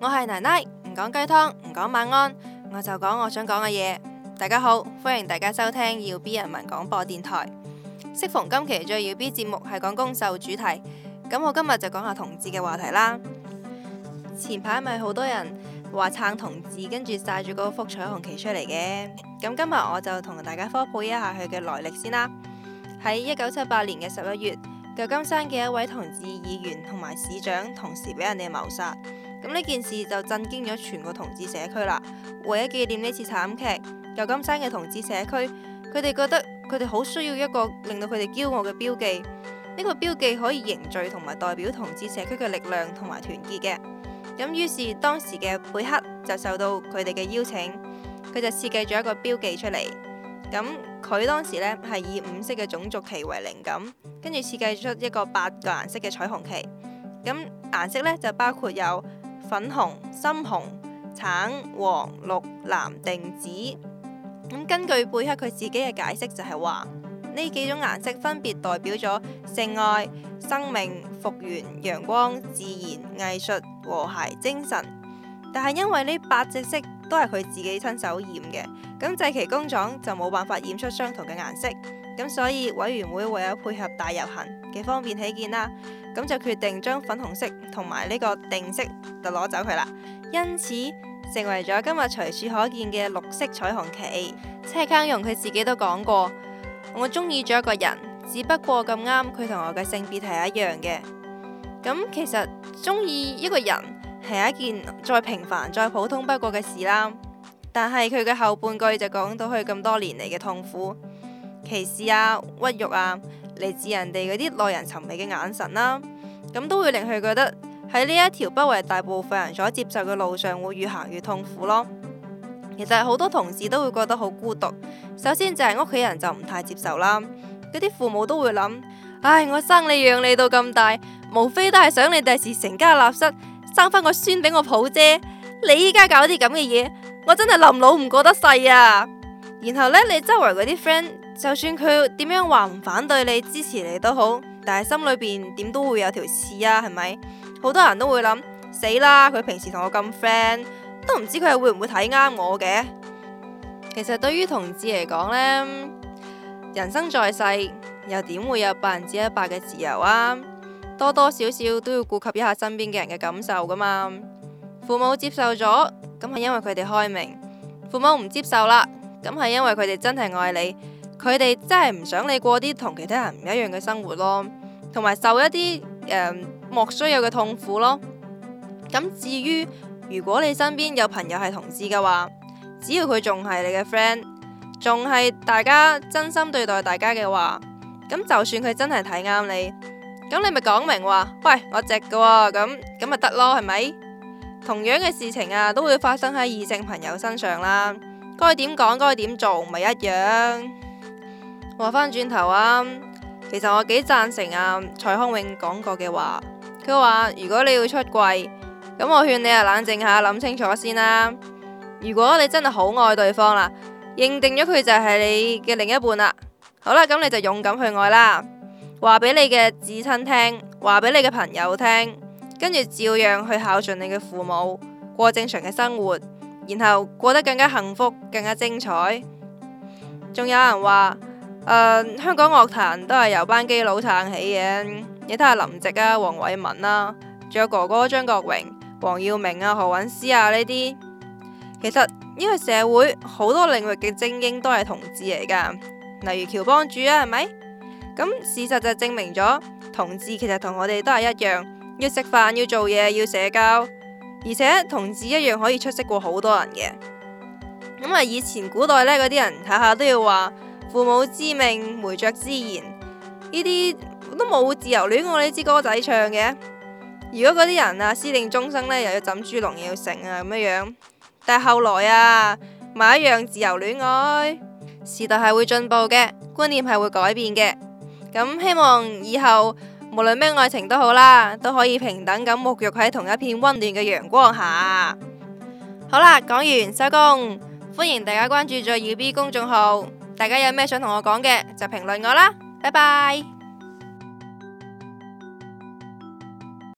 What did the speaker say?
我係奶奶，唔講雞湯，唔講晚安，我就講我想講嘅嘢。大家好，歡迎大家收聽耀 B 人民廣播電台。適逢今期最耀 B 節目係講攻受主題，咁我今日就講下同志嘅話題啦。前排咪好多人話撐同志，跟住晒住嗰幅彩虹旗出嚟嘅。咁今日我就同大家科普一下佢嘅來歷先啦。喺一九七八年嘅十一月，舊金山嘅一位同志議員同埋市長同時俾人哋謀殺。咁呢件事就震驚咗全個同志社區啦。為咗紀念呢次慘劇，舊金山嘅同志社區，佢哋覺得佢哋好需要一個令到佢哋驕傲嘅標記。呢個標記可以凝聚同埋代表同志社區嘅力量同埋團結嘅。咁於是當時嘅貝克就受到佢哋嘅邀請，佢就設計咗一個標記出嚟。咁佢當時呢係以五色嘅種族旗為靈感，跟住設計出一個八個顏色嘅彩虹旗。咁顏色呢就包括有。粉紅、深紅、橙、黃、綠、藍、靛、紫。咁根據貝克佢自己嘅解釋，就係話呢幾種顏色分別代表咗性愛、生命、復原、陽光、自然、藝術、和諧、精神。但係因為呢八隻色都係佢自己親手染嘅，咁製旗工廠就冇辦法染出相同嘅顏色，咁所以委員會為咗配合大遊行嘅方便起見啦。咁就決定將粉紅色同埋呢個定色就攞走佢啦，因此成為咗今日隨處可見嘅綠色彩虹旗。蔡康永佢自己都講過：我中意咗一個人，只不過咁啱佢同我嘅性別係一樣嘅。咁其實中意一個人係一件再平凡、再普通不過嘅事啦。但係佢嘅後半句就講到佢咁多年嚟嘅痛苦、歧視啊、屈辱啊。嚟自人哋嗰啲耐人尋味嘅眼神啦，咁都會令佢覺得喺呢一條不為大部分人所接受嘅路上，會越行越痛苦咯。其實好多同事都會覺得好孤獨。首先就係屋企人就唔太接受啦，嗰啲父母都會諗：唉，我生你養你到咁大，無非都係想你第時成家立室，生翻個孫俾我抱啫。你依家搞啲咁嘅嘢，我真係臨老唔過得世啊！然後呢，你周圍嗰啲 friend。就算佢點樣話唔反對你支持你都好，但係心裏邊點都會有條刺啊，係咪？好多人都會諗死啦。佢平時同我咁 friend，都唔知佢係會唔會睇啱我嘅。其實對於同志嚟講呢，人生在世又點會有百分之一百嘅自由啊？多多少少都要顧及一下身邊嘅人嘅感受噶嘛。父母接受咗，咁係因為佢哋開明；父母唔接受啦，咁係因為佢哋真係愛你。佢哋真係唔想你過啲同其他人唔一樣嘅生活咯，同埋受一啲，呃、莫須有嘅痛苦咯。咁至於如果你身邊有朋友係同志嘅話，只要佢仲係你嘅 friend，仲係大家真心對待大家嘅話，咁就算佢真係睇啱你，咁你咪講明話喂，我直㗎，咁咁咪得咯，係咪？同樣嘅事情啊，都會發生喺異性朋友身上啦。該點講，該點做，咪一樣。話返轉頭啊，其實我幾贊成啊。蔡康永講過嘅話，他說，佢話，如果你要出櫃，咁我勸你啊，冷靜下，諗清楚先啦。如果你真係好愛對方啦，認定咗佢就係你嘅另一半啦，好啦，咁你就勇敢去愛啦。話俾你嘅至親聽，話俾你嘅朋友聽，跟住照樣去孝順你嘅父母，過正常嘅生活，然後過得更加幸福，更加精彩。仲有人話。誒、呃，香港樂壇都係由班基佬撐起嘅。你睇下林夕啊、黃偉文啦、啊，仲有哥哥張國榮、黃耀明啊、何韻詩啊呢啲。其實呢個社會好多領域嘅精英都係同志嚟㗎，例如喬幫主啊，係咪？咁事實就證明咗，同志其實同我哋都係一樣，要食飯、要做嘢、要社交，而且同志一樣可以出色過好多人嘅。咁啊，以前古代呢嗰啲人下下都要話。父母之命，媒妁之言，呢啲都冇自由戀愛呢支歌仔唱嘅。如果嗰啲人啊，私定終生呢，又要枕豬籠，又要成啊，咁樣樣。但係後來啊，咪一樣自由戀愛，時代係會進步嘅，觀念係會改變嘅。咁希望以後無論咩愛情都好啦，都可以平等咁沐浴喺同一片溫暖嘅陽光下。好啦，講完收工，歡迎大家關注最耀 B 公眾號。大家有咩想同我講嘅，就評論我啦，拜拜。